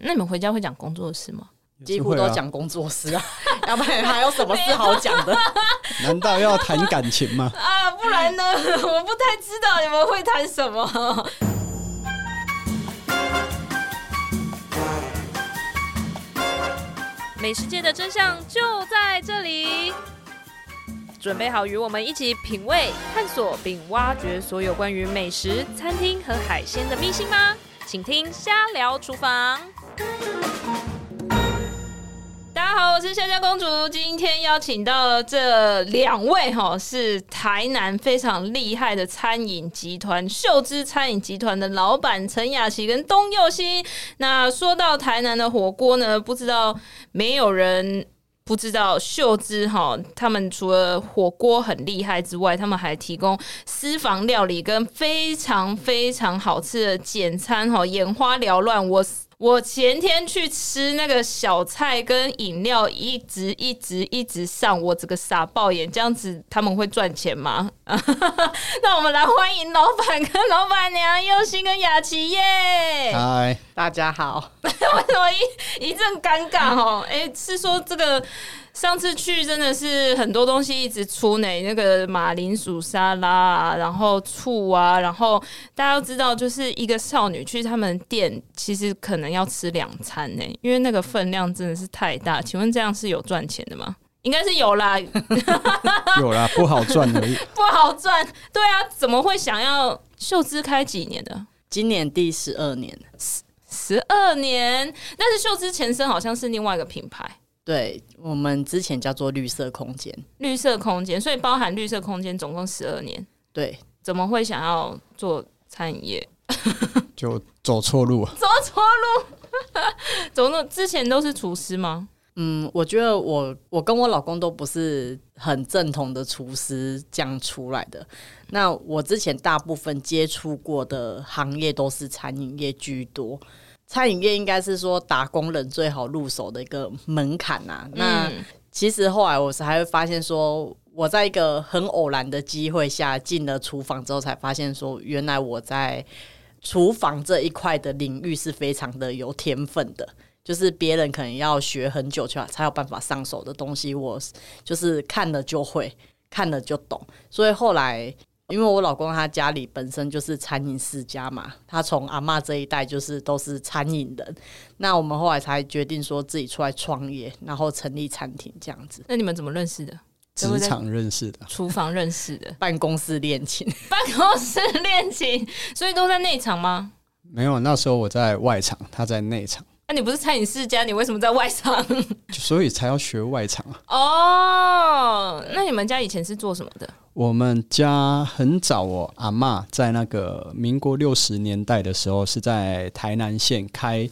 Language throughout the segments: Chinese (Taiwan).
那你們回家會講工作室嗎？幾乎都講工作室啊，啊、 要不然還有什麼事好講的？ 難道要談感情嗎？啊，不然呢？ 我不太知道你們會談什麼。 美食界的真相就在這裡，準備好與我們一起品味、探索並挖掘所有關於美食、餐廳和海鮮的秘辛嗎？請聽《蝦聊廚房》。大家好，我是蝦蝦公主，今天邀請到了這兩位哈，是台南非常厲害的餐飲集團秀枝餐飲集團的老闆陳雅琪跟東宥忻。那說到台南的火鍋呢，不知道沒有人。不知道秀枝哈，他們除了火鍋很厲害之外，他們還提供私房料理跟非常非常好吃的簡餐哈，眼花繚亂我。我前天去吃那個小菜跟飲料，一直一直一直上，我這個傻爆眼這樣子，他們會賺錢嗎？ 那我們來歡迎老闆跟老闆娘宥忻跟雅琪耶！嗨，Hi. 大家好。為什麼一一陣尷尬哦？哎，是說這個上次去真的是很多東西一直出呢，那個馬鈴薯沙拉，然後醋啊，然後大家都知道，就是一個少女去他們店，其實可能。要吃兩餐呢、欸，因為那個分量真的是太大。請問這樣是有賺錢的嗎？應該是有啦， 有啦，不好賺的， 不好賺。對啊，怎麼會想要秀芝開幾年的？今年第十二年，十二年。但是秀芝前身好像是另外一個品牌，對我們之前叫做綠色空間，綠色空間，所以包含綠色空間總共十二年。對，怎麼會想要做餐飲業？ 就走錯路，走錯路， 走錯。之前都是廚師嗎？嗯，我覺得我我跟我老公都不是很正統的廚師這樣出來的。那我之前大部分接觸過的行業都是餐飲業居多。餐飲業應該是說打工人最好入手的一個門檻吶、啊。嗯、那其實後來我是還會發現說，我在一個很偶然的機會下進了廚房之後，才發現說，原來我在。廚房這一塊的領域是非常的有天分的，就是別人可能要學很久才有辦法上手的東西，我就是看了就會，看了就懂。所以後來，因為我老公他家裡本身就是餐飲世家嘛，他從阿嬤這一代就是都是餐飲人，那我們後來才決定說自己出來創業，然後成立餐廳這樣子。那你們怎麼認識的？職場認識的，廚房認識的，辦公室戀情， 辦公室戀情。所以都在內場嗎？沒有，那時候我在外場，他在內場。那、啊、你不是餐飲世家，你為什麼在外場？所以才要學外場哦、啊，oh, 那你們家以前是做什麼的？我們家很早哦，阿嬤在那個民國六十年代的時候，是在台南縣開。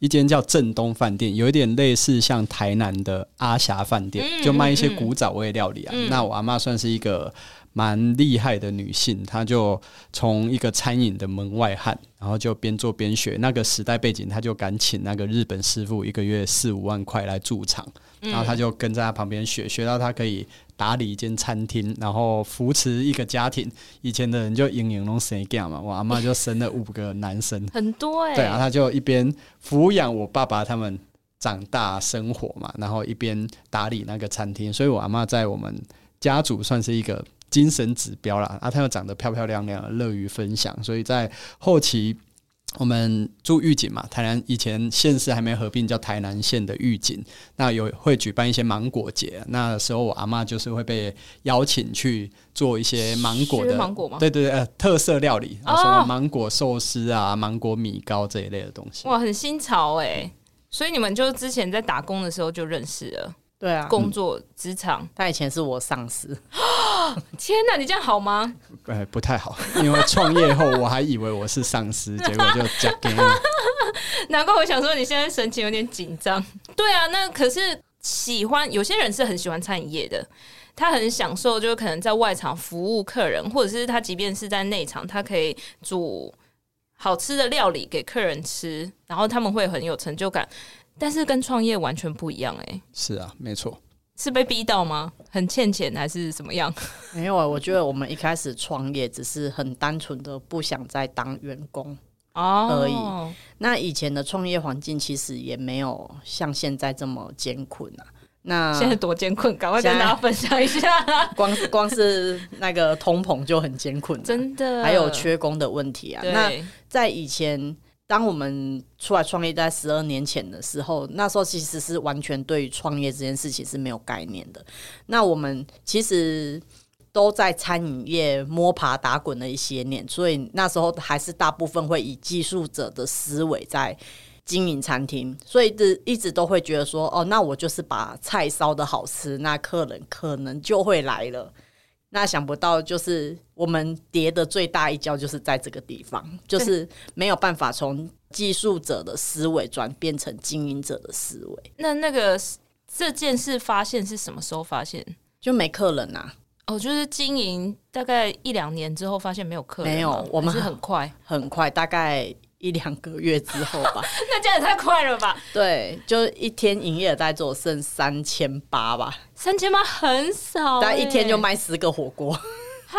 一間叫正東飯店，有一點類似像台南的阿霞飯店，嗯、就賣一些古早味料理啊。嗯嗯、那我阿嬤算是一個蠻厲害的女性，她就從一個餐飲的門外漢，然後就邊做邊學。那個時代背景，她就敢請那個日本師傅一個月四五萬塊來駐場，嗯、然後她就跟在他旁邊學，學到她可以打理一間餐廳，然後扶持一個家庭。以前的人就營營弄生養嘛，我阿嬤就生了五個男生， 很多哎、欸。對啊，他就一邊撫養我爸爸他們長大生活嘛，然後一邊打理那個餐廳。所以，我阿嬤在我們家族算是一個精神指標啦。啊，他又長得漂漂亮亮，樂於分享，所以在後期。我們住玉井嘛，台南以前縣市還沒合併，叫台南縣的玉井。那有會舉辦一些芒果節，那時候我阿媽就是會被邀請去做一些芒果的芒果嗎？對對對、呃，特色料理啊，什麼、哦、芒果壽司啊，芒果米糕這一類的東西。哇，很新潮哎、欸！嗯、所以你們就之前在打工的時候就認識了。對啊，工作職、嗯、場，他以前是我上司。天哪、啊，你這樣好嗎？哎、 呃，不太好，因為創業後我還以為我是上司， 結果就嫁給你。 難怪我想說，你現在神情有點緊張。對啊，那可是喜歡有些人是很喜歡餐飲業的，他很享受，就可能在外場服務客人，或者是他即便是在內場，他可以煮好吃的料理給客人吃，然後他們會很有成就感。但是跟創業完全不一樣哎，欸，是啊，沒錯。是被逼到嗎？很欠錢還是怎麼樣？沒有啊，我覺得我們一開始創業只是很單純的不想再當員工哦而已。哦、那以前的創業環境其實也沒有像現在這麼艱苦啊。那現在多艱苦，趕快跟大家分享一下。光光是那個通膨就很艱苦，啊，真的還有缺工的問題啊。對那在以前。當我們出來創業，在十二年前的時候，那時候其實是完全對於創業這件事情是沒有概念的。那我們其實都在餐飲業摸爬打滾了一些年，所以那時候還是大部分會以技術者的思維在經營餐廳，所以一一直都會覺得說，哦，那我就是把菜燒得好吃，那客人可能就會來了。那想不到，就是我們跌的最大一跤，就是在這個地方，對就是沒有辦法從技術者的思維轉變成經營者的思維。那那個這件事發現是什麼時候發現？就沒客人吶、啊？哦，就是經營大概一兩年之後發現沒有客人，人。沒有，我們是很快，很快，大概。一兩個月之後吧， 那這樣也太快了吧？對，就一天營業在做剩三千八吧，三千八很少，欸。但一天就賣十個火鍋，哈？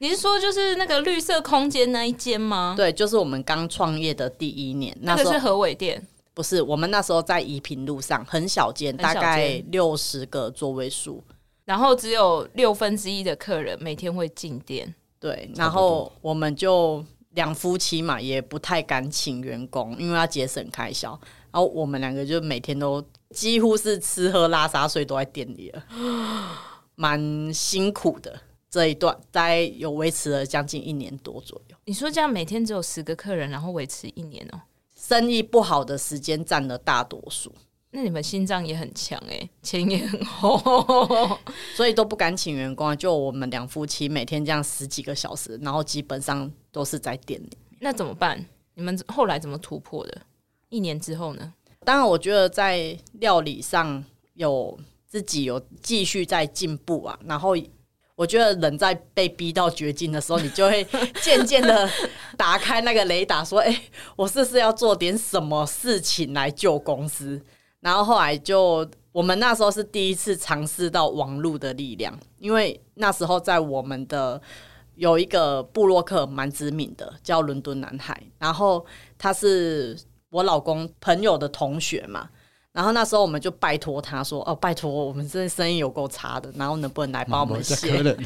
你您說就是那個綠色空間那一間嗎？對，就是我們剛創業的第一年，那個是和緯店，不是我們那時候在怡平路上，很小間，大概六十個座位數，然後只有六分之一的客人每天會進店，對，然後我們就。兩夫妻嘛，也不太敢請員工，因為要節省開銷。然後我們兩個就每天都幾乎是吃喝拉撒，睡都在店裡了， 蠻辛苦的。這一段大概有維持了將近一年多左右。你說這樣每天只有十個客人，然後維持一年哦，生意不好的時間占了大多數。那你們心臟也很強誒、欸，錢也很厚 所以都不敢請員工啊。就我們兩夫妻每天這樣十幾個小時，然後基本上都是在店裡。那怎麼辦？你們後來怎麼突破的？一年之後呢？當然，我覺得在料理上有自己有繼續在進步啊。然後我覺得人在被逼到絕境的時候，你就會漸漸的打開那個雷達，說：“哎、 欸，我是不是要做點什麼事情來救公司？”然後後來就，我們那時候是第一次嘗試到網絡的力量，因為那時候在我們的有一個部落客蠻知名的，叫倫敦男孩，然後他是我老公朋友的同學嘛，然後那時候我們就拜託他說，哦，拜託我們真的生意有夠差的，然後能不能來幫我們寫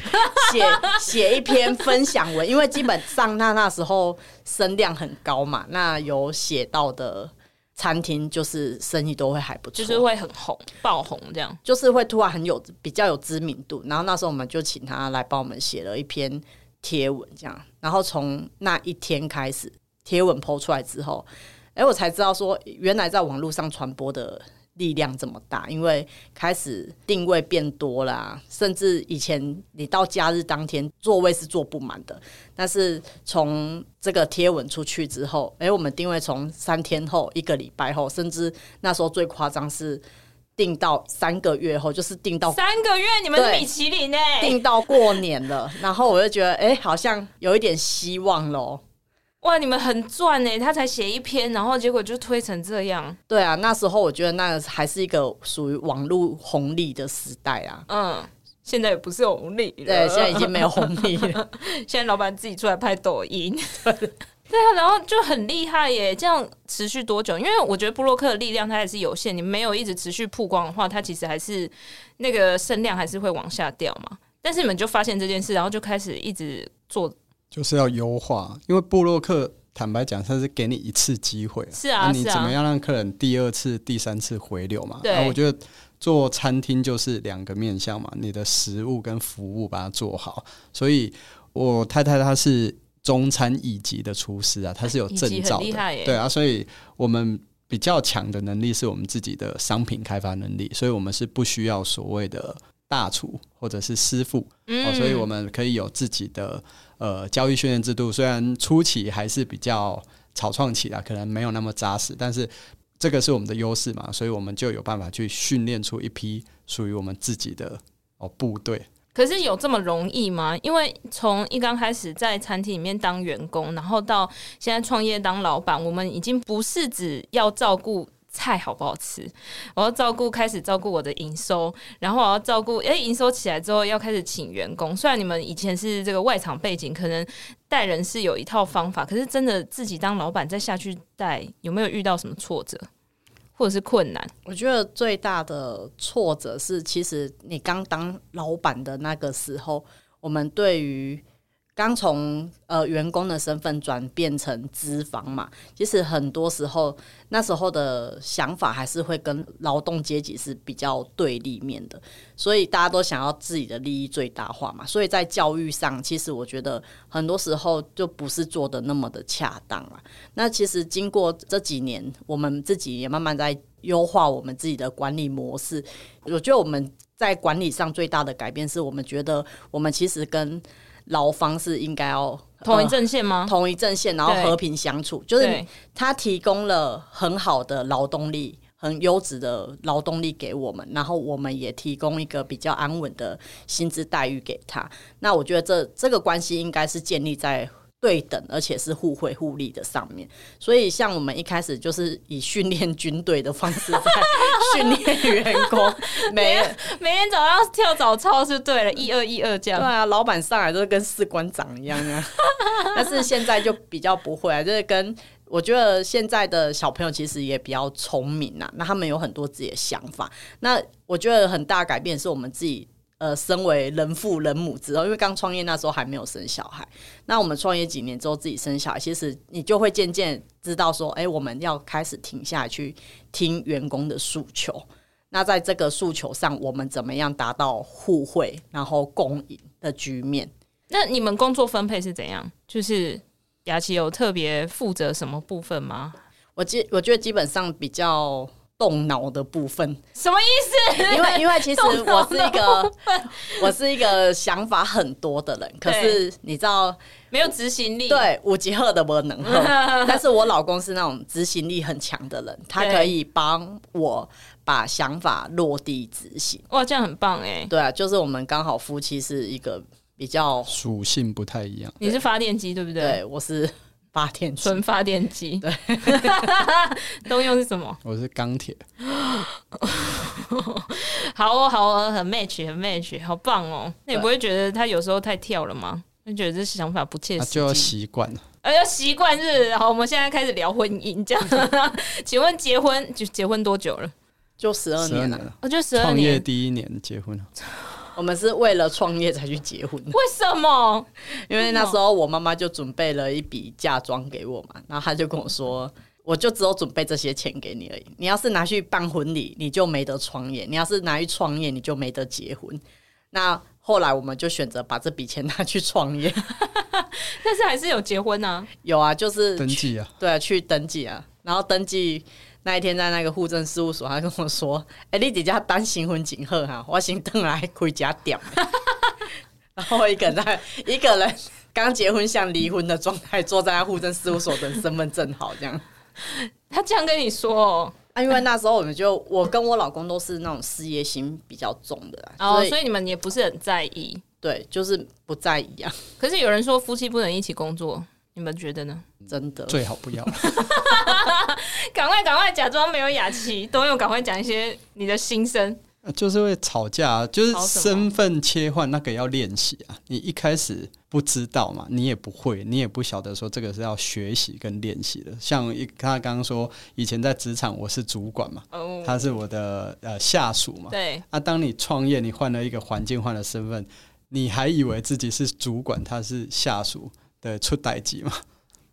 寫寫一篇分享文，因為基本上那那時候聲量很高嘛，那有寫到的。餐廳就是生意都會還不錯，就是會很紅、爆紅這樣，就是會突然很有比較有知名度。然後那時候我們就請他來幫我們寫了一篇貼文，這樣。然後從那一天開始，貼文 po 出來之後，哎、欸，我才知道說原來在網絡上傳播的。力量這麼大，因為開始定位變多啦，啊，甚至以前你到假日當天座位是坐不滿的，但是從這個貼文出去之後，誒、欸，我們定位從三天後、一個禮拜後，甚至那時候最誇張是定到三個月後，就是定到三個月，你們是米其林哎、欸，定到過年了， 然後我就覺得哎、欸，好像有一點希望嘍。哇，你們很賺誒。他才寫一篇，然後結果就推成這樣。對啊，那時候我覺得那個還是一個屬於網絡紅利的時代啊。嗯，現在也不是紅利了，對，現在已經沒有紅利了。 現在老闆自己出來拍抖音， 對啊，然後就很厲害耶！這樣持續多久？因為我覺得部落客的力量它還是有限，你沒有一直持續曝光的話，它其實還是那個聲量還是會往下掉嘛。但是你們就發現這件事，然後就開始一直做。就是要優化，因為部落客坦白講，他是給你一次機會，啊，是啊，啊你怎麼樣讓客人第二次、第三次回流嘛？然後對、啊、我覺得做餐廳就是兩個面向嘛，你的食物跟服務把它做好。所以，我太太她是中餐乙級的廚師啊，她是有證照的，對啊，所以我們比較強的能力是我們自己的商品開發能力，所以我們是不需要所謂的大廚或者是師傅，嗯，啊、所以我們可以有自己的。呃，教育訓練制度雖然初期還是比較草創期啊，可能沒有那麼紮實，但是這個是我們的優勢嘛，所以我們就有辦法去訓練出一批屬於我們自己的哦部隊。可是有這麼容易嗎？因為從一剛開始在餐廳裡面當員工，然後到現在創業當老闆，我們已經不是只要照顧。菜好不好吃？我要照顧，開始照顧我的營收，然後我要照顧，誒營收起來之後要開始請員工。雖然你們以前是這個外場背景，可能帶人是有一套方法，可是真的自己當老闆再下去帶，有沒有遇到什麼挫折或者是困難？我覺得最大的挫折是，其實你剛當老闆的那個時候，我們對於。剛從呃員工的身份轉變成資方嘛，其實很多時候那時候的想法還是會跟勞動階級是比較對立面的，所以大家都想要自己的利益最大化嘛。所以在教育上，其實我覺得很多時候就不是做得那麼的恰當啊。那其實經過這幾年，我們自己也慢慢在優化我們自己的管理模式。我覺得我們在管理上最大的改變是我們覺得我們其實跟。勞方是應該要同一陣線嗎？呃、同一陣線，然後和平相處，對就是他提供了很好的勞動力，很優質的勞動力給我們，然後我們也提供一個比較安穩的薪資待遇給他。那我覺得這這個關係應該是建立在。對等，而且是互惠互利的上面，所以像我們一開始就是以訓練軍隊的方式在訓練員工， 每年每天早上跳早操是對了，嗯、一二一二這樣。對啊，老闆上來都是跟士官長一樣啊。 但是現在就比較不會啊，就是跟我覺得現在的小朋友其實也比較聰明啊。那他們有很多自己的想法。那我覺得很大改變是我們自己。呃，身為人父人母之後，因為剛創業那時候還沒有生小孩，那我們創業幾年之後自己生小孩，其實你就會漸漸知道說，哎、欸，我們要開始停下去聽員工的訴求。那在這個訴求上，我們怎麼樣達到互惠然後共贏的局面？那你們工作分配是怎樣？就是雅琪有特別負責什麼部分嗎？我基我覺得基本上比較動腦的部分什麼意思？因為因為其實我是一個腦腦我是一個想法很多的人， 可是你知道沒有執行力，對有一好就不能好。 但是我老公是那種執行力很強的人，他可以幫我把想法落地執行。對哇，這樣很棒哎、嗯！對啊，就是我們剛好夫妻是一個比較屬性不太一樣。你是發電機對不對？對，我是。發電機，純發電機，對，東 用是什麼？我是鋼鐵。 好哦，好哦，很 match，很 match，好棒哦。對那你不會覺得他有時候太跳了嗎？你覺得這想法不切實際？啊？就要習慣了。哎、啊，要習慣是好。我們現在開始聊婚姻，這樣， 請問結婚就結婚多久了？就十二年，啊、十二年了。哦，就十二年。創業第一年結婚了。我們是為了創業才去結婚的。為什麼？因為那時候我媽媽就準備了一筆嫁妝給我嘛，然後她就跟我說，我就只有準備這些錢給你而已。你要是拿去辦婚禮，你就沒得創業；你要是拿去創業，你就沒得結婚。那後來我們就選擇把這筆錢拿去創業，但是還是有結婚呢？有啊，就是登記啊，對啊，去登記啊，然後登記。那一天在那個戶政事務所，他跟我說：“哎、欸，你在這等身份證號哈，我新婚來回家屌。” 然後一個人在，一個人剛結婚像離婚的狀態，坐在那戶政事務所等身份證號，這樣。 他這樣跟你說哦，那、啊、因為那時候我們就我跟我老公都是那種事業心比較重的，哦，所以，所以你們也不是很在意。對，就是不在意啊。可是有人說夫妻不能一起工作。你們覺得呢？嗯、真的最好不要，趕 快趕快假裝沒有雅琪，多用趕快講一些你的心聲。就是會吵架、啊，就是身份切換那個要練習啊！你一開始不知道嘛，你也不會，你也不曉得說這個是要學習跟練習的。像一他剛剛說，以前在職場我是主管嘛，oh, 他是我的呃下屬嘛。對。啊，當你創業，你換了一個環境，換了身份，你還以為自己是主管，他是下屬。對出代誌嘛。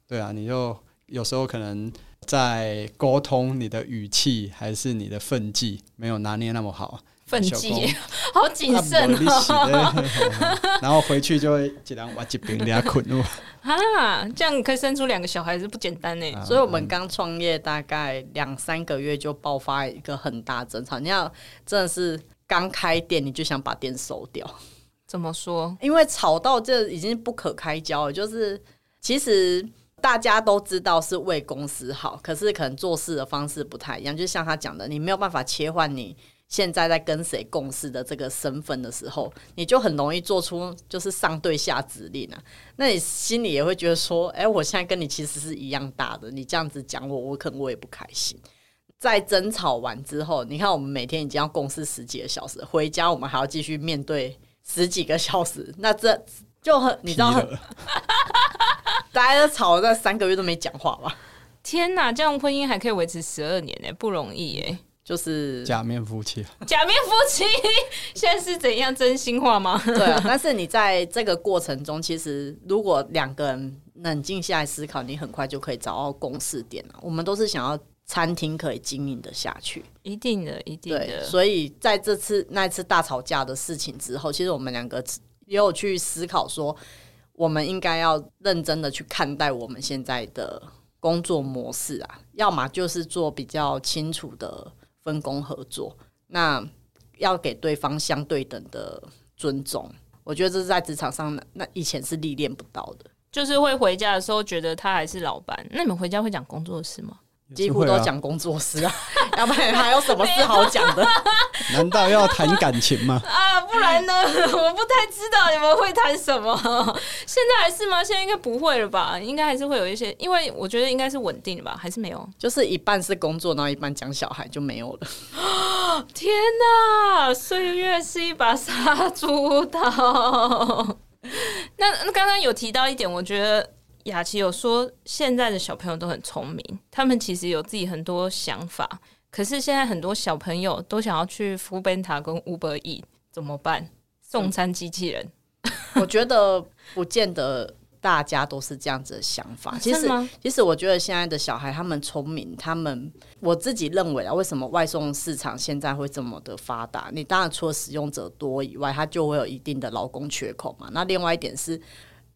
對啊，你就有時候可能在溝通，你的語氣還是你的分際沒有拿捏那麼好，分際好謹慎、哦，然後回去就會一人挖一邊，給他捆住。 啊，這樣可以生出兩個小孩子不簡單哎，啊嗯、所以我們剛創業大概兩三個月就爆發一個很大爭吵，你要真的是剛開店你就想把店收掉。怎麼說？因為吵到這已經不可開交了，就是其實大家都知道是為公司好，可是可能做事的方式不太一樣。就像他講的，你沒有辦法切換你現在在跟誰共事的這個身份的時候，你就很容易做出就是上對下指令啊。那你心裡也會覺得說，哎、欸，我現在跟你其實是一樣大的，你這樣子講我，我可能我也不開心。在爭吵完之後，你看我們每天已經要共事十幾個小時，回家我們還要繼續面對。十幾個小時，那這就很你知道很，了 大家都吵了那三個月都沒講話吧？天哪，這樣婚姻還可以維持十二年哎，不容易耶！就是假面夫妻，假面夫妻 現在是怎樣？真心話嗎？ 對啊，但是你在這個過程中，其實如果兩個人冷靜下來思考，你很快就可以找到共識點了。我們都是想要。餐廳可以經營得下去，一定的，一定的。所以在這次那次大吵架的事情之後，其實我們兩個也有去思考說，說我們應該要認真的去看待我們現在的工作模式啊。要麼就是做比較清楚的分工合作，那要給對方相對等的尊重。我覺得這是在職場上那以前是歷練不到的。就是會回家的時候覺得他還是老板。那你們回家會講工作事嗎？幾乎都講工作室啊，啊、 要不然還有什麼事好講的？沒了 難道要談感情嗎？啊，不然呢？我不太知道你們會談什麼。現在還是嗎？現在應該不會了吧？應該還是會有一些，因為我覺得應該是穩定的吧？還是沒有？就是一半是工作，然後一半講小孩就沒有了。天哪、啊，歲月是一把殺豬刀。那那剛剛有提到一點，我覺得。雅琪有說，現在的小朋友都很聰明，他們其實有自己很多想法。可是現在很多小朋友都想要去 foodpanda 跟 Uber Eats，怎麼辦？送餐機器人、嗯，我覺得不見得大家都是這樣子的想法。 其實，其實我覺得現在的小孩他們聰明，他們我自己認為啊，為什麼外送市場現在會這麼的發達？你當然除了使用者多以外，他就會有一定的勞工缺口嘛。那另外一點是。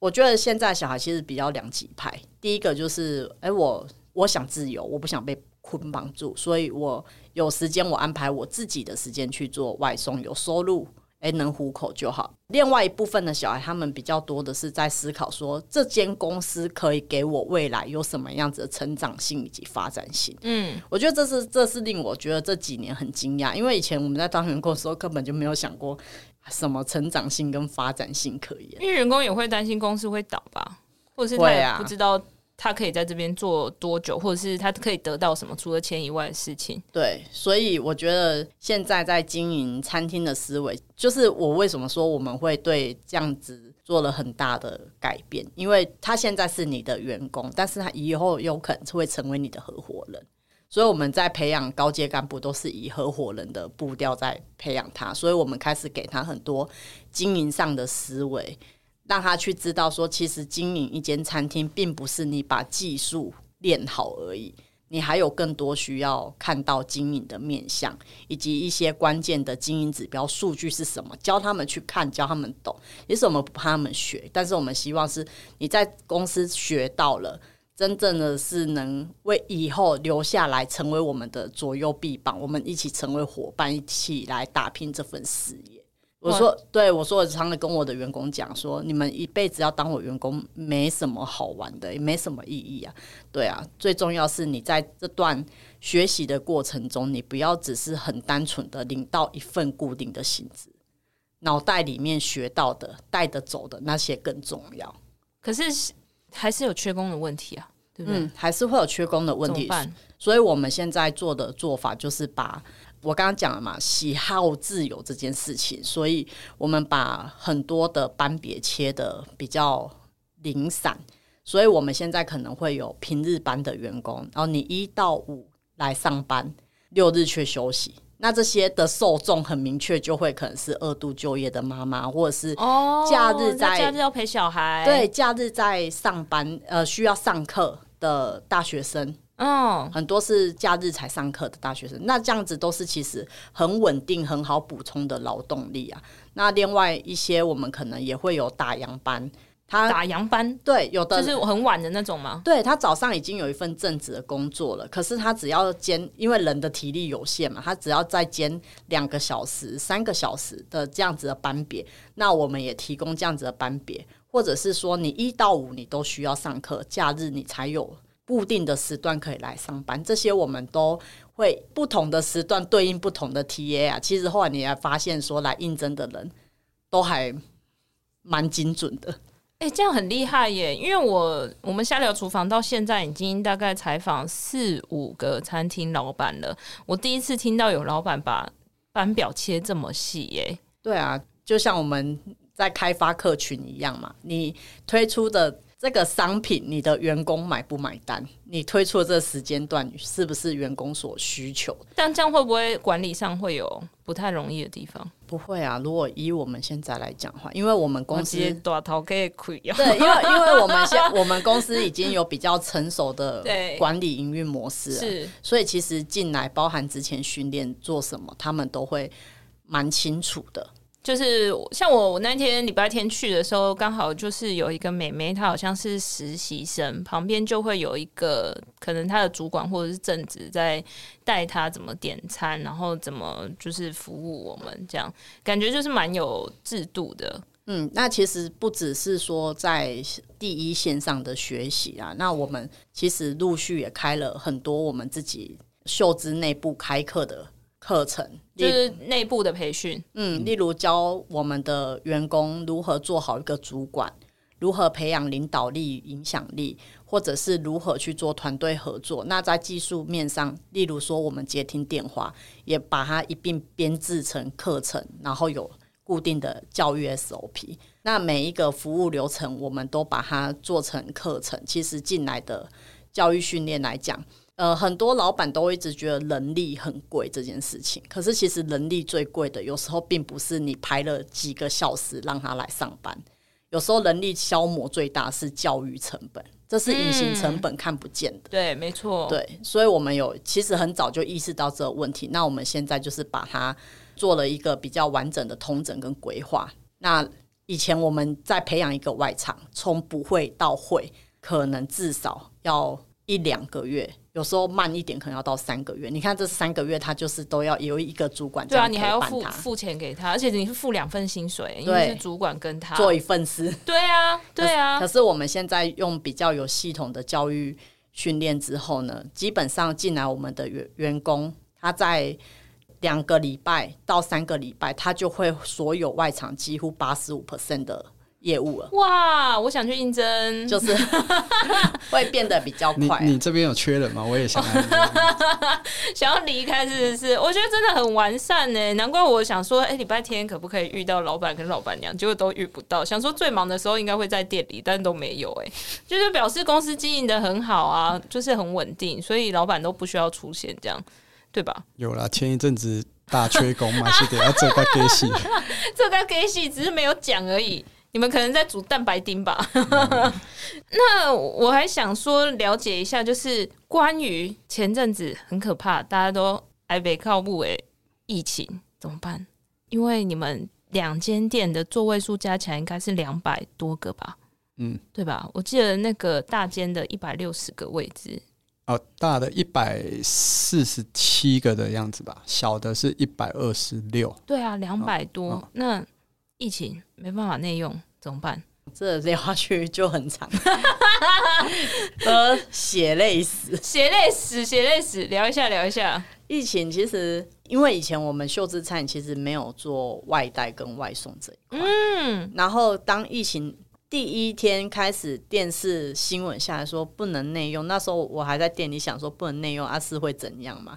我覺得現在小孩其實比較兩極派。第一個就是，哎、欸，我我想自由，我不想被捆綁住，所以我有時間我安排我自己的時間去做外送，有收入，哎、欸，能糊口就好。另外一部分的小孩，他們比較多的是在思考說，這間公司可以給我未來有什麼樣子的成長性以及發展性。嗯，我覺得這是這是令我覺得這幾年很驚訝，因為以前我們在當員工的時候根本就沒有想過什麼成長性跟發展性可言？因為員工也會擔心公司會倒吧，或者是他也不知道他可以在這邊做多久，或者是他可以得到什麼除了錢以外的事情。對，所以我覺得現在在經營餐廳的思維，就是我為什麼說我們會對這樣子做了很大的改變，因為他現在是你的員工，但是他以後有可能會成為你的合夥人。所以我們在培養高階幹部，都是以合夥人的步調在培養他。所以，我們開始給他很多經營上的思維，讓他去知道說，其實經營一間餐廳，並不是你把技術練好而已，你還有更多需要看到經營的面向，以及一些關鍵的經營指標數據是什麼。教他們去看，教他們懂。也是我們不怕他們學，但是我們希望是你在公司學到了。真正的是能為以後留下來，成為我們的左右臂膀，我們一起成為夥伴，一起來打拼這份事業。我說，哇對我說，我常常跟我的員工講說，你們一輩子要當我員工，沒什麼好玩的，也沒什麼意義啊。對啊，最重要是你在這段學習的過程中，你不要只是很單純的領到一份固定的薪資，腦袋裡面學到的、帶得走的那些更重要。可是，還是有缺工的問題啊，對不對？嗯，還是會有缺工的問題，所以我們現在做的做法就是把我剛剛講了嘛，喜好自由這件事情，所以我們把很多的班別切得比較零散，所以我們現在可能會有平日班的員工，然後你一到五來上班，六日卻休息。那這些的受眾很明確，就會可能是二度就業的媽媽，或者是哦，假日在，哦、假日要陪小孩，對，假日在上班呃，需要上課的大學生，哦、很多是假日才上課的大學生，那這樣子都是其實很穩定、很好補充的勞動力啊。那另外一些，我們可能也會有打烊班。他打烊班，對，有的就是很晚的那種嗎？對，他早上已經有一份正職的工作了，可是他只要兼，因為人的體力有限嘛，他只要再兼兩個小時、三個小時的這樣子的班別，那我們也提供這樣子的班別，或者是說你一到五你都需要上課，假日你才有固定的時段可以來上班，這些我們都會不同的時段對應不同的 TA 啊。其實後來你還發現說，來應徵的人都還蠻精準的。哎、欸，這樣很厲害耶！因為我我們下流廚房到現在已經大概採訪四五個餐廳老闆了，我第一次聽到有老闆把班表切這麼細耶。對啊，就像我們在開發客群一樣嘛，你推出的。這個商品，你的員工買不買單？你推出的這個時間段，是不是員工所需求？但這樣會不會管理上會有不太容易的地方？不會啊，如果以我們現在來講話，因為我們公司我大頭可以虧啊。對，因為因為我們現 我們公司已經有比較成熟的管理營運模式了，是，所以其實進來，包含之前訓練做什麼，他們都會蠻清楚的。就是像我，我那天禮拜天去的時候，剛好就是有一個妹妹，她好像是實習生，旁邊就會有一個可能她的主管或者是正職在帶她怎麼點餐，然後怎麼就是服務我們，這樣感覺就是蠻有制度的。嗯，那其實不只是說在第一線上的學習啊，那我們其實陸續也開了很多我們自己秀枝內部開課的課程。就是內部的培訓，嗯，例如教我們的員工如何做好一個主管，如何培養領導力、影響力，或者是如何去做團隊合作。那在技術面上，例如說我們接聽電話，也把它一併編製成課程，然後有固定的教育 SOP。那每一個服務流程，我們都把它做成課程。其實進來的教育訓練來講。呃，很多老闆都一直覺得人力很貴這件事情，可是其實人力最貴的，有時候並不是你排了幾個小時讓他來上班，有時候人力消磨最大是教育成本，這是隱形成本看不見的。嗯、對，沒錯。對，所以我們有其實很早就意識到這個問題，那我們現在就是把它做了一個比較完整的統整跟規劃。那以前我們在培養一個外場，從不會到會，可能至少要一兩個月。有時候慢一點，可能要到三個月。你看這三個月，他就是都要有一個主管。對啊，你還要付付錢給他，而且你是付兩份薪水，對因為你是主管跟他做一份事。對啊，對啊可。可是我們現在用比較有系統的教育訓練之後呢，基本上進來我們的員員工，他在兩個禮拜到三個禮拜，他就會所有外場幾乎八十五 percent 的。業務啊，哇！我想去應徵，就是會變得比較快 你。你這邊有缺人嗎？我也想 想要離開，是不是？我覺得真的很完善呢，難怪我想說，哎、欸，禮拜天可不可以遇到老闆跟老闆娘？結果都遇不到。想說最忙的時候應該會在店裡，但都沒有。哎，就是表示公司經營得很好啊，就是很穩定，所以老闆都不需要出現，這樣對吧？有啦，前一陣子大缺工嘛，差點 要整個更替。這個更替只是沒有講而已。你們可能在煮蛋白丁吧？ 那我還想說，了解一下，就是關於前陣子很可怕，大家都還北靠不誒，疫情怎麼辦？因為你們兩間店的座位數加起來應該是兩百多個吧？嗯，對吧？我記得那個大間的一百六十個位置，哦，大的一百四十七個的樣子吧，小的是一百二十六，對啊，兩百多、哦哦、那。疫情沒辦法內用怎麼辦？這聊下去就很長， 呃，血淚史，血淚史，血淚史，聊一下聊一下。疫情其實因為以前我們秀枝餐飲其實沒有做外帶跟外送這一塊，嗯，然後當疫情。第一天開始，電視新聞下來說不能內用，那時候我還在店裡想說不能內用阿四、啊、會怎樣嘛？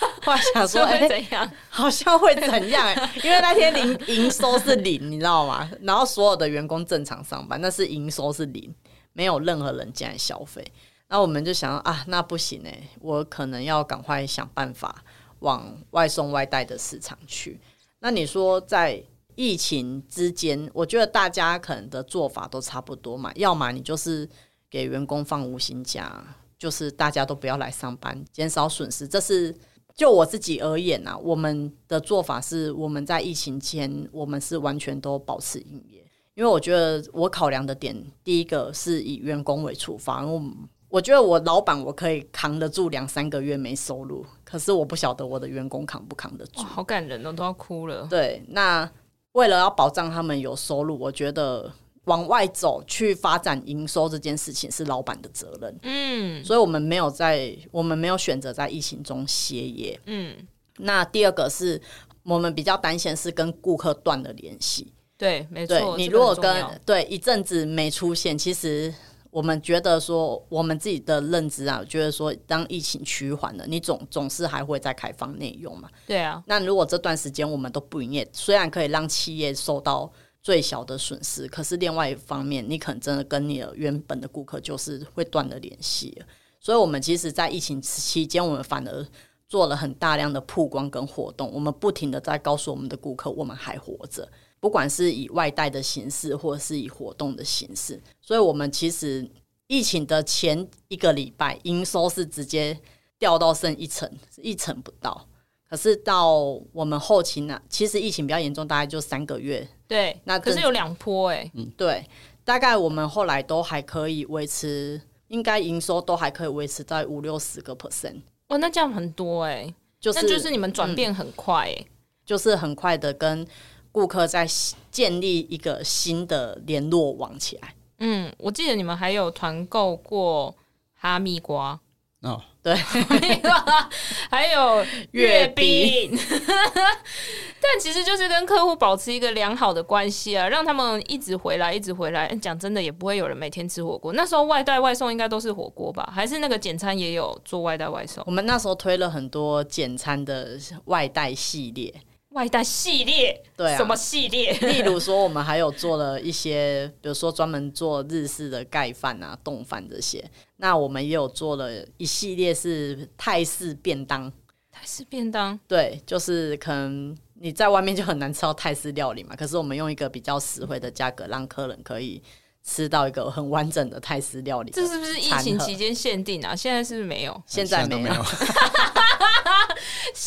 我想說 會怎樣、欸？好像會怎樣、欸？ 因為那天零營收是零，你知道嗎？然後所有的員工正常上班，那是營收是零，沒有任何人進來消費。那我們就想啊，那不行呢、欸？我可能要趕快想辦法往外送外帶的市場去。那你說在？疫情之間，我覺得大家可能的做法都差不多嘛。要麼你就是給員工放無薪假，就是大家都不要來上班，減少損失。這是就我自己而言吶、啊，我們的做法是我們在疫情前，我們是完全都保持營業，因為我覺得我考量的點第一個是以員工為出發。我我覺得我老板我可以扛得住兩三個月沒收入，可是我不曉得我的員工扛不扛得住。好感人哦，都要哭了。對，那。為了要保障他們有收入，我覺得往外走去發展營收這件事情是老板的責任。嗯，所以我們沒有在我們沒有選擇在疫情中歇業。嗯，那第二個是我們比較擔心是跟顧客斷了聯繫。對，沒錯，你如果跟對一陣子沒出現，其實。我們覺得說，我們自己的認知啊，覺得說，當疫情趨緩了，你總總是還會再開放內用嘛？對啊。那如果這段時間我們都不營業，雖然可以讓企業受到最小的損失，可是另外一方面，你可能真的跟你原本的顧客就是會斷了聯繫了。所以，我們其實，在疫情期間，我們反而做了很大量的曝光跟活動，我們不停的在告訴我們的顧客，我們還活着。不管是以外帶的形式，或是以活動的形式，所以我們其實疫情的前一個禮拜營收是直接掉到剩一成，一成不到。可是到我們後期呢、啊，其實疫情比較嚴重，大概就三個月。對，那真可是有兩波哎。嗯，對，大概我們後來都還可以維持，應該營收都還可以維持在五六十個 percent。哇、哦，那這樣很多哎，就是那就是你們轉變很快哎、嗯，就是很快的跟。顧客在建立一個新的聯絡網起來。嗯，我記得你們還有團購過哈密瓜哦。對，哈密瓜還有月餅， 但其實就是跟客戶保持一個良好的關係啊，讓他們一直回來，一直回來。講、欸、真的，也不會有人每天吃火鍋。那時候外帶外送應該都是火鍋吧？還是那個簡餐也有做外帶外送？我們那時候推了很多簡餐的外帶系列。外帶系列，對啊，什麼系列？例如說，我們還有做了一些， 比如說專門做日式的蓋飯啊、丼飯這些。那我們也有做了一系列是泰式便當。泰式便當，對，就是可能你在外面就很難吃到泰式料理嘛。可是我們用一個比較實惠的價格，嗯，讓客人可以吃到一個很完整的泰式料理。這是不是疫情期間限定啊？現在是不是沒有？現在沒有。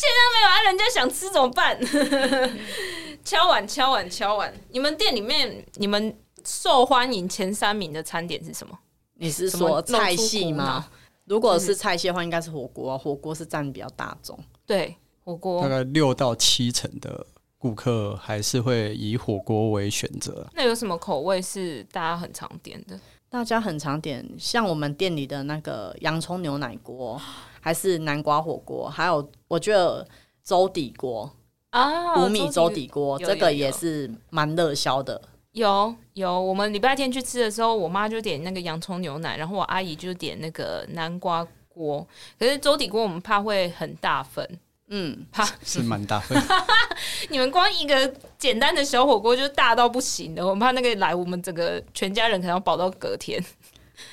現在沒有啊，人家想吃怎麼辦？ 敲碗敲碗敲碗！你們店裡面，你們受歡迎前三名的餐點是什麼？你是說菜系嗎？如果是菜系的話，應該是火鍋。嗯、火鍋是佔比較大眾，對，火鍋大概六到七成的顧客還是會以火鍋為選擇。那有什麼口味是大家很常點的？大家很常點，像我們店裡的那個洋蔥牛奶鍋。還是南瓜火鍋，還有我覺得粥底鍋啊，五米粥底鍋，這個也是蠻熱銷的。有有，我們禮拜天去吃的時候，我媽就點那個洋蔥牛奶，然後我阿姨就點那個南瓜鍋。可是粥底鍋我們怕會很大份，嗯，怕嗯是蠻大份。 你們光一個簡單的小火鍋就大到不行的，我們怕那個來我們整個全家人可能要飽到隔天。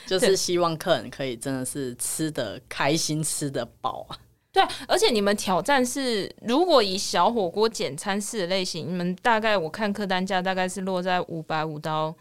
就是希望客人可以真的是吃得開心，吃得飽啊。對，而且你們挑戰是，如果以小火鍋簡餐式的類型，你們大概我看客單價大概是落在五百五到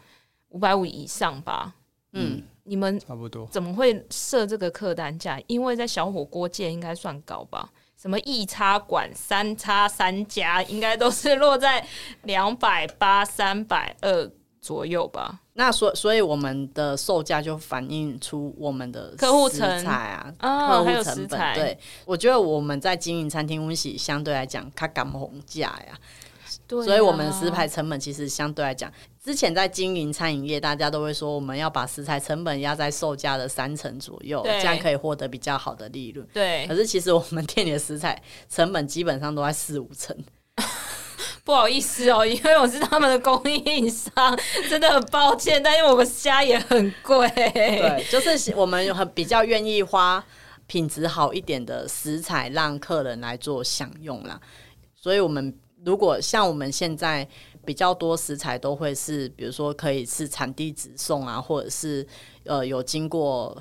五百五以上吧。嗯，嗯，你們差不多？怎麼會設這個客單價？因為在小火鍋界應該算高吧？什麼一叉館、三叉三家，應該都是落在兩百八、三百二左右吧？那所所以我們的售價就反映出我們的食材啊，客戶成本。對，我覺得我們在經營餐廳東西相對來講它敢紅價呀，啊，所以我們的食材成本其實相對來講，之前在經營餐飲業，大家都會說我們要把食材成本壓在售價的三成左右，對這樣可以獲得比較好的利潤。對，可是其實我們店裡的食材成本基本上都在四五成。不好意思哦、喔，因為我是他們的供應商，真的很抱歉。但因為我們蝦也很貴、欸，對，就是我們很比較願意花品質好一點的食材，讓客人來做享用啦。所以，我們如果像我們現在比較多食材都會是，比如說可以是產地直送啊，或者是呃有經過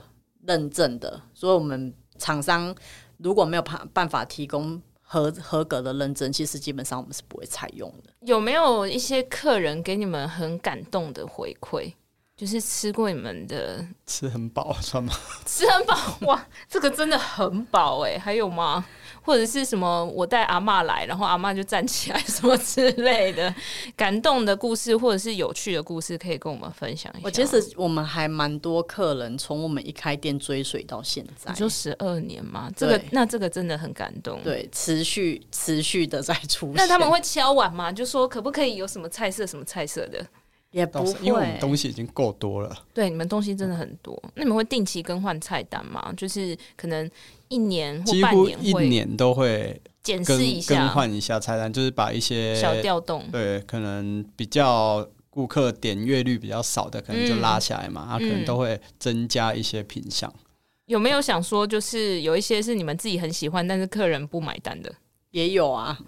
認證的。所以，我們廠商如果沒有辦辦法提供，合合格的認證，其實基本上我們是不會採用的。有沒有一些客人給你們很感動的回饋？就是吃過你們的，吃很飽算嗎？吃很飽，哇，這個真的很飽欸！還有嗎？或者是什麼，我帶阿嬤來，然後阿嬤就站起來什麼之類的，感動的故事，或者是有趣的故事，可以跟我們分享一下。我其實我們還蠻多客人，從我們一開店追隨到現在，啊、就十二年嘛，這個對那這個真的很感動。對，持續持續的在出現。那他們會敲碗嗎？就說可不可以有什麼菜色，什麼菜色的，也 Yeah, 不會因為我們東西已經夠多了。對，你們東西真的很多。那你們會定期更換菜單嗎？就是可能。一年，半年幾乎一年都會檢視一下，更換一下菜單，就是把一些小調動。對，可能比較顧客點閱率比較少的，可能就拉下來嘛。然、嗯啊、可能都會增加一些品項，嗯。有沒有想說，就是有一些是你們自己很喜歡，但是客人不買單的，也有啊。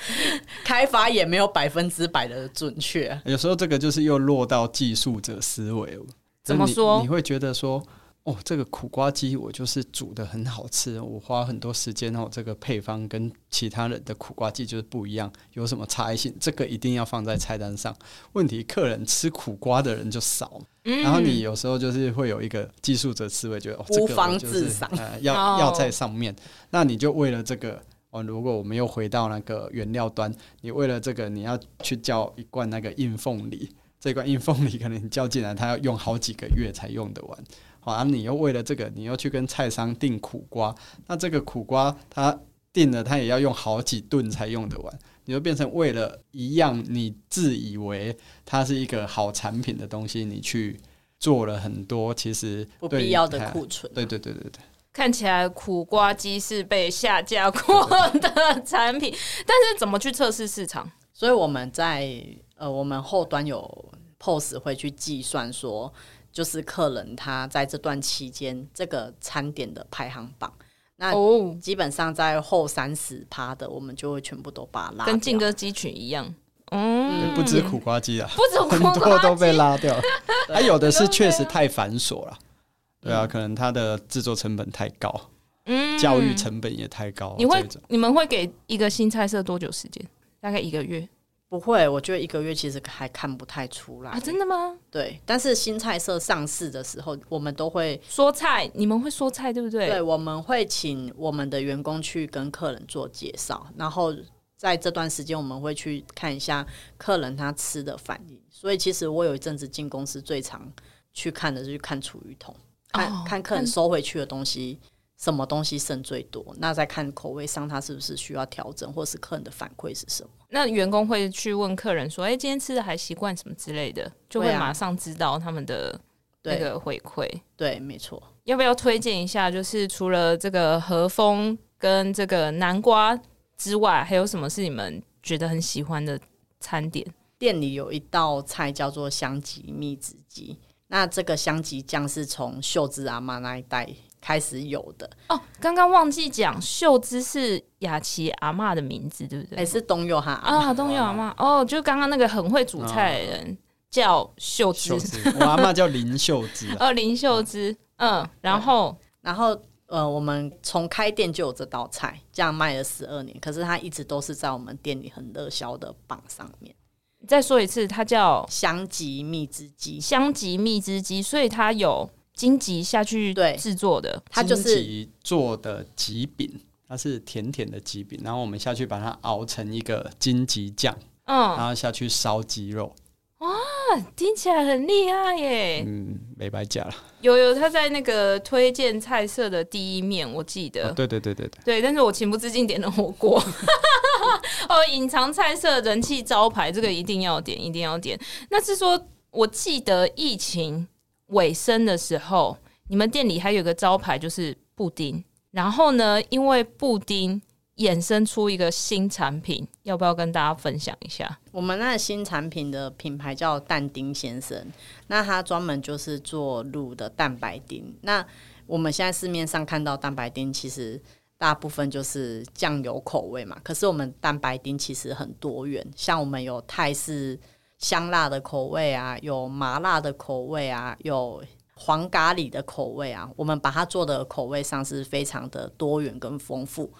開發也沒有百分之百的準確，有時候這個就是又落到技術者思維。怎麼說？你，你會覺得說？哦，這個苦瓜雞我就是煮的很好吃，我花很多時間哦。這個配方跟其他人的苦瓜雞就是不一樣，有什麼差異性？這個一定要放在菜單上。問題，客人吃苦瓜的人就少，嗯、然後你有時候就是會有一個技術者思維，覺得無妨自賞、呃，要要在上面。哦、那你就為了這個、哦、如果我們又回到那個原料端，你為了這個，你要去叫一罐那個硬鳳梨，這罐硬鳳梨可能你叫進來，他要用好幾個月才用得完。好啊！你又為了這個，你又去跟菜商訂苦瓜，那這個苦瓜它訂了，它也要用好幾頓才用得完。你就變成為了一樣你自以為它是一個好產品的東西，你去做了很多，其實不必要的庫存、啊哎。對對對對對，對，看起來苦瓜雞是被下架過的產品，對對對 但是怎麼去測試市場？所以我們在呃，我們後端有 POS 會去計算說。就是客人他在這段期間這個餐點的排行榜，哦、那基本上在後三十趴的，我們就會全部都把它拉掉。跟勁歌雞群一樣，嗯，嗯、不止苦瓜雞了，不止苦瓜雞，很多都被拉掉了。嗯、對 還有的是確實太繁瑣了，對啊，可能它的制作成本太高，嗯，教育成本也太高。你會你們會給一個新菜色多久時間？大概一個月。不會，我覺得一個月其實還看不太出來啊！真的嗎？對，但是新菜色上市的時候，我們都會說菜，你們會說菜對不對？對，我們會請我們的員工去跟客人做介紹，然後在這段時間，我們會去看一下客人他吃的反應。所以，其實我有一陣子進公司最常去看的就是看廚餘桶，哦、看看客人收回去的東西看什麼東西剩最多，那再看口味上他是不是需要調整，或是客人的反饋是什麼。那員工會去問客人說：“哎、欸，今天吃的還習慣什麼之類的，就會馬上知道他們的那個回饋。對”對，沒錯。要不要推薦一下？就是除了這個和風跟這個南瓜之外，還有什麼是你們覺得很喜歡的餐點？店裡有一道菜叫做香吉蜜子雞，那這個香吉醬是從秀枝阿媽那一代。開始有的哦，剛剛忘記講，秀枝是雅琪阿嬤的名字，對不對？還、欸、是東宥哈啊，東、哦、宥阿嬤哦，哦，就剛剛那個很會煮菜的人、哦、叫秀枝，秀枝，我阿嬤叫林秀枝、啊、哦，林秀枝，嗯，然後然後呃，我們從開店就有這道菜，這樣賣了十二年，可是它一直都是在我們店裡很熱銷的榜上面。再說一次，它叫香吉蜜汁雞，香吉蜜汁雞，所以它有。金桔下去製作的，對它就是金桔做的桔餅，它是甜甜的桔餅，然後我們下去把它熬成一個金桔醬，嗯，然後下去燒雞肉，哇，聽起來很厲害耶，嗯，沒白講了。有有，他在那個推薦菜色的第一面，我記得，對、哦、對對對對，對，但是我情不自禁點了火鍋， 哦，隱藏菜色人氣招牌，這個一定要點，一定要點。那是說，我記得疫情。尾聲的時候，你們店裡還有一個招牌就是布丁，然後呢，因為布丁衍生出一個新產品，要不要跟大家分享一下？我們那新產品的品牌叫蛋丁先生，那他專門就是做滷的蛋白丁。那我們現在市面上看到蛋白丁，其實大部分就是醬油口味嘛。可是我們蛋白丁其實很多元，像我們有泰式。香辣的口味啊，有麻辣的口味啊，有黃咖喱的口味啊，我們把它做的口味上是非常的多元跟豐富。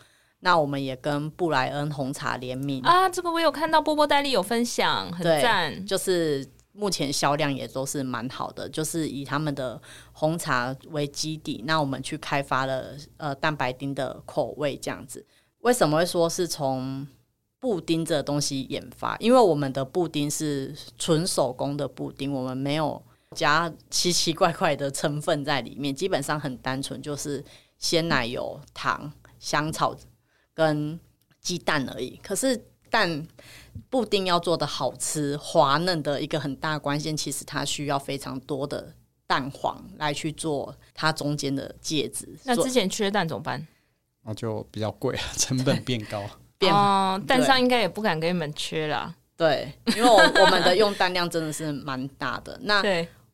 那我們也跟布萊恩紅茶聯名啊，這個我有看到波波黛莉有分享，很讚。就是目前銷量也都是蠻好的，就是以他們的紅茶為基底，那我們去開發了呃蛋白丁的口味這樣子。為什麼會說是從？布丁這東西研發，因為我們的布丁是純手工的布丁，我們沒有加奇奇怪怪的成分在裡面，基本上很單純，就是鮮奶油、糖、香草跟雞蛋而已。可是，但布丁要做的好吃、滑嫩的一個很大關鍵，其實它需要非常多的蛋黃來去做它中間的介質。那之前缺蛋怎麼辦？那就比較貴，成本變高。對 哦，蛋商應該也不敢給你們缺了，對，對，因為我我們的用蛋量真的是蠻大的。那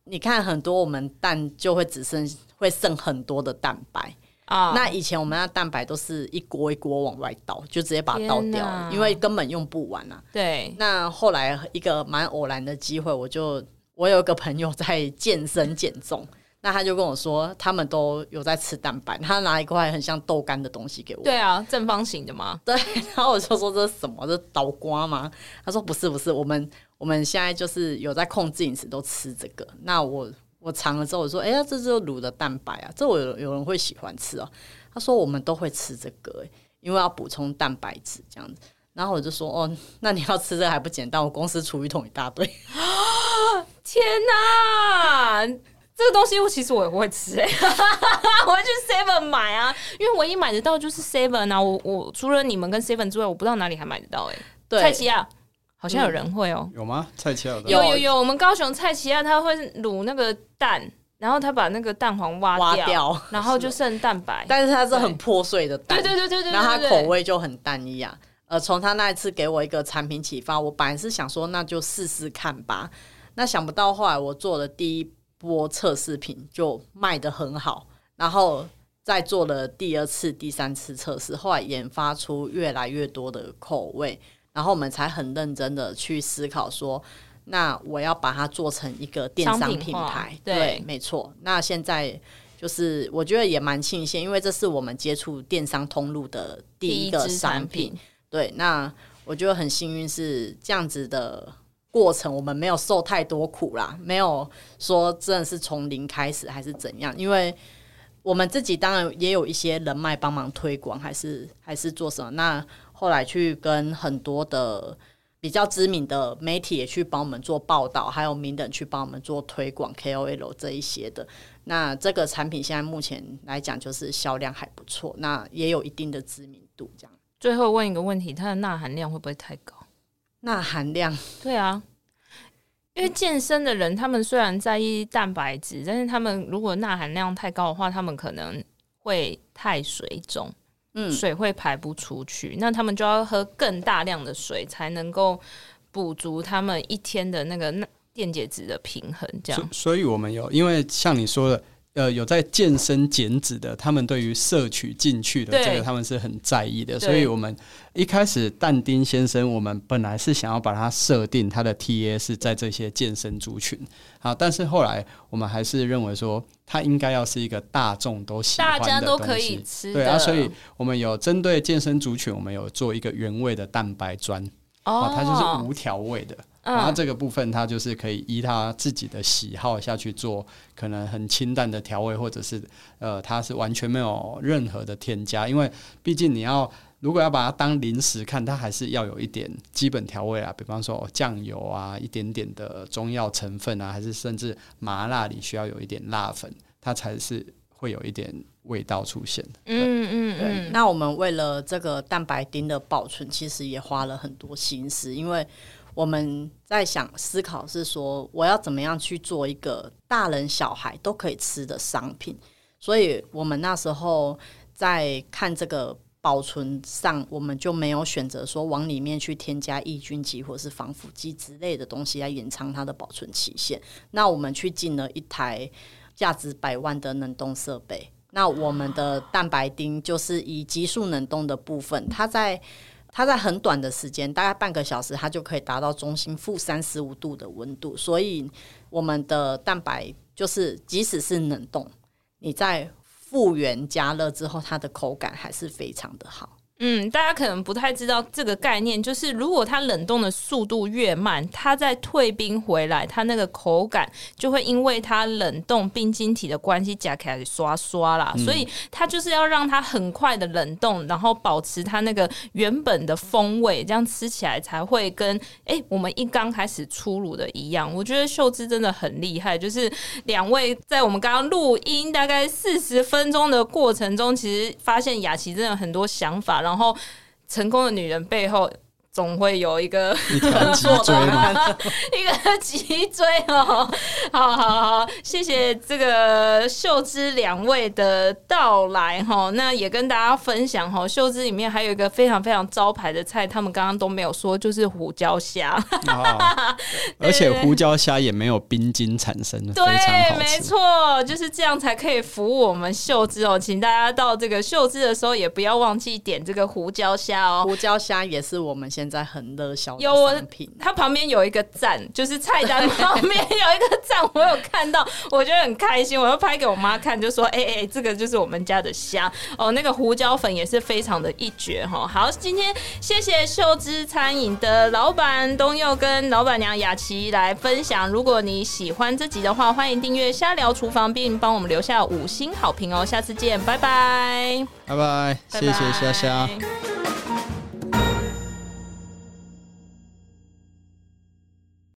你看，很多我們蛋就會只剩，會剩很多的蛋白啊。那以前我們的蛋白都是一鍋一鍋往外倒，就直接把它倒掉，因為根本用不完啊。對，那後來一個蠻偶然的機會，我就我有一個朋友在健身減重。那他就跟我說，他們都有在吃蛋白。他拿一塊很像豆乾的東西給我。對啊，正方形的嘛。對，然後我就說這是什麼？ 這是豆瓜嗎？他說不是，不是，我們我們現在就是有在控制飲食，都吃這個。那我我嘗了之後我，我說哎呀，這是滷的蛋白啊，這我有有人會喜歡吃哦、喔。他說我們都會吃這個、欸，因為要補充蛋白質這樣子。然後我就說哦、喔，那你要吃這還不簡單？我公司廚餘桶一大堆啊。 天哪、啊！這個東西我其實我也不會吃，哎，我會去 Seven 買啊，因為唯一買得到的就是 Seven 啊。我我除了你們跟 Seven 之外，我不知道哪裡還買得到。哎，蔡奇亞好像有人會哦，有嗎？蔡奇亞有有有，我們高雄蔡奇亞他會滷那個蛋，然後他把那個蛋黃挖掉，然後就剩蛋白，但是它是很破碎的蛋，對對對對對，然後它口味就很單一啊。呃，從他那一次給我一個產品啟發，我本來是想說那就試試看吧，那想不到後來我做了第一。播測試品就賣得很好，然後再做了第二次、第三次測試，後來研發出越來越多的口味，然後我們才很認真的去思考說，那我要把它做成一個電商品牌，商品化，對，沒錯。那現在就是我覺得也蠻慶幸，因為這是我們接觸電商通路的第一個商品，商品，對。那我覺得很幸運是這樣子的。過程我們沒有受太多苦啦，沒有說真的是從零開始還是怎樣，因為我們自己當然也有一些人脈幫忙推廣，還是還是做什麼。那後來去跟很多的比較知名的媒體也去幫我們做報道，還有名人去幫我們做推廣，KOL 這一些的。那這個產品現在目前來講，就是銷量還不錯，那也有一定的知名度。這樣，最後問一個問題：它的鈉含量會不會太高？鈉含量對啊，因為健身的人他們雖然在意蛋白質，但是他們如果鈉含量太高的話，他們可能會太水腫，嗯，水會排不出去，那他們就要喝更大量的水才能夠補足他們一天的那個鈉電解質的平衡。這樣，所以我們有，因為像你說的。呃，有在健身減脂的，他們對於攝取進去的這個，對他們是很在意的。對所以我們一開始蛋丁先生，我們本來是想要把它設定他的 T A 是在這些健身族群。好，但是後來我們還是認為說，它應該要是一個大眾都喜歡的東西，大家都可以吃。對啊，所以我們有針對健身族群，我們有做一個原味的蛋白磚，哦。它就是無調味的。然後、嗯啊啊、這個部分，它就是可以依他自己的喜好下去做，可能很清淡的調味，或者是呃，它是完全沒有任何的添加。因為畢竟你要如果要把它當零食看，它還是要有一點基本調味啊，比方說醬油啊，一點點的中藥成分啊，還是甚至麻辣你需要有一點辣粉，它才是會有一點味道出現。嗯嗯嗯。那我們為了這個蛋白丁的保存，其實也花了很多心思，因為。我們在想思考是說，我要怎麼樣去做一個大人小孩都可以吃的商品？所以我們那時候在看這個保存上，我們就沒有選擇說往裡面去添加抑菌劑或是防腐劑之類的東西來延長它的保存期限。那我們去進了一台價值百萬的冷凍設備。那我們的蛋白丁就是以極速冷凍的部分，它在。它在很短的時間，大概半個小時，它就可以達到中心負三十五度的溫度。所以，我們的蛋白就是，即使是冷凍，你在復原加熱之後，它的口感還是非常的好。嗯，大家可能不太知道這個概念，就是如果它冷凍的速度越慢，它再退冰回來，它那個口感就會因為它冷凍冰晶體的關係，夾起來刷刷啦。所以它就是要讓它很快的冷凍，然後保持它那個原本的風味，這樣吃起來才會跟哎、欸、我們一剛開始出爐的一樣。我覺得秀枝真的很厲害，就是兩位在我們剛剛錄音大概四十分鐘的過程中，其實發現雅琪真的很多想法。然後，成功的女人背後，總會有一個 一個脊椎哦，喔，好好好，謝謝這個秀枝兩位的到來哈，喔。那也跟大家分享哈，喔，秀枝裡面還有一個非常非常招牌的菜，他們剛剛都沒有說，就是胡椒蝦、哦， 對 而且胡椒蝦也沒有冰晶產生，對，沒錯，就是這樣才可以服務我們秀枝哦，喔。請大家到這個秀枝的時候，也不要忘記點這個胡椒蝦哦。胡椒蝦也是我們先。在很熱銷，有文品。它旁邊有一個讚，就是菜單旁邊有一個讚，對 我有看到，我覺得很開心，我又拍給我媽看，就說：“哎、欸、哎、欸，這個就是我們家的蝦哦，那個胡椒粉也是非常的一絕哈。哦”好，今天謝謝秀枝餐飲的老板東宥跟老板娘雅琪來分享。如果你喜歡這集的話，歡迎訂閱《蝦聊廚房》，並幫我們留下五星好評哦。下次見，拜拜，拜拜 Bye bye, bye，謝謝蝦蝦。